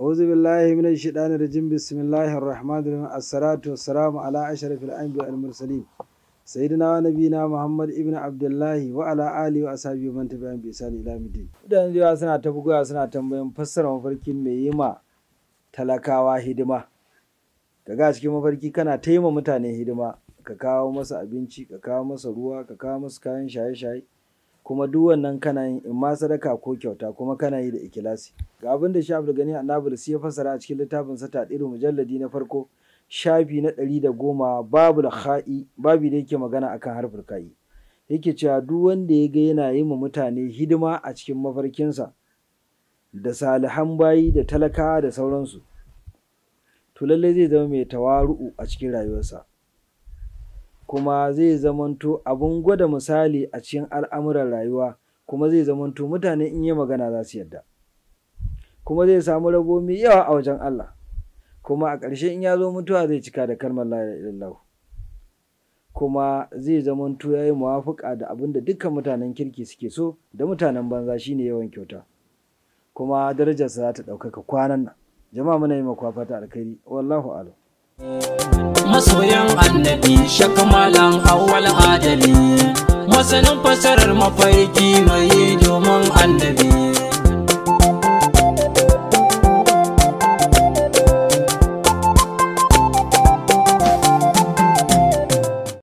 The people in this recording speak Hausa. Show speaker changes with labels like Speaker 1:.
Speaker 1: أعوذ بالله من الشيطان الرجيم بسم الله الرحمن الرحيم الصلاة والسلام على أشرف الأنبياء والمرسلين سيدنا ونبينا محمد ابن عبد الله وعلى آله وأصحابه من تبعهم بإحسان إلى يوم الدين. Mutane da suna ta bugowa suna tambayan fassara mafarkin mai yi ma talakawa hidima. daga cikin mafarki kana ta ma mutane hidima, ka kawo masa abinci, ka kawo masa ruwa, ka kawo masa kayan shaye-shaye. kuma duk wannan kana yin in ma sadaka ko kyauta kuma kana yi da ikilasi ga abin da shafi gani annabi ya fasara a cikin littafin sa tadiru mujalladi na farko shafi na ɗari da goma babu da ha'i babu da yake magana akan harfin ka'i yake cewa duk wanda ya ga yana yi ma mutane hidima a cikin mafarkinsa da salihan bayi da talaka da sauransu to lallai zai zama mai tawaru'u a cikin rayuwarsa kuma zai zamanto abin gwada misali a cikin al'amuran rayuwa kuma zai zamanto mutane in yi magana za su yadda. kuma zai samu rabo mai yawa a wajen Allah kuma a ƙarshe in ya zo mutuwa zai cika da kalmar idan kuma zai zamanto ya yi muwafuƙa da abin da dukkan mutanen kirki suke so da mutanen banza shine yawan kyauta kuma darajarsa za ta ɗaukaka kwanan nan jama'a muna yi makwafata ta alkhairi wallahu alam masoyan
Speaker 2: annabi malan awwal adali masanin fasarar mafarki mai domin annabi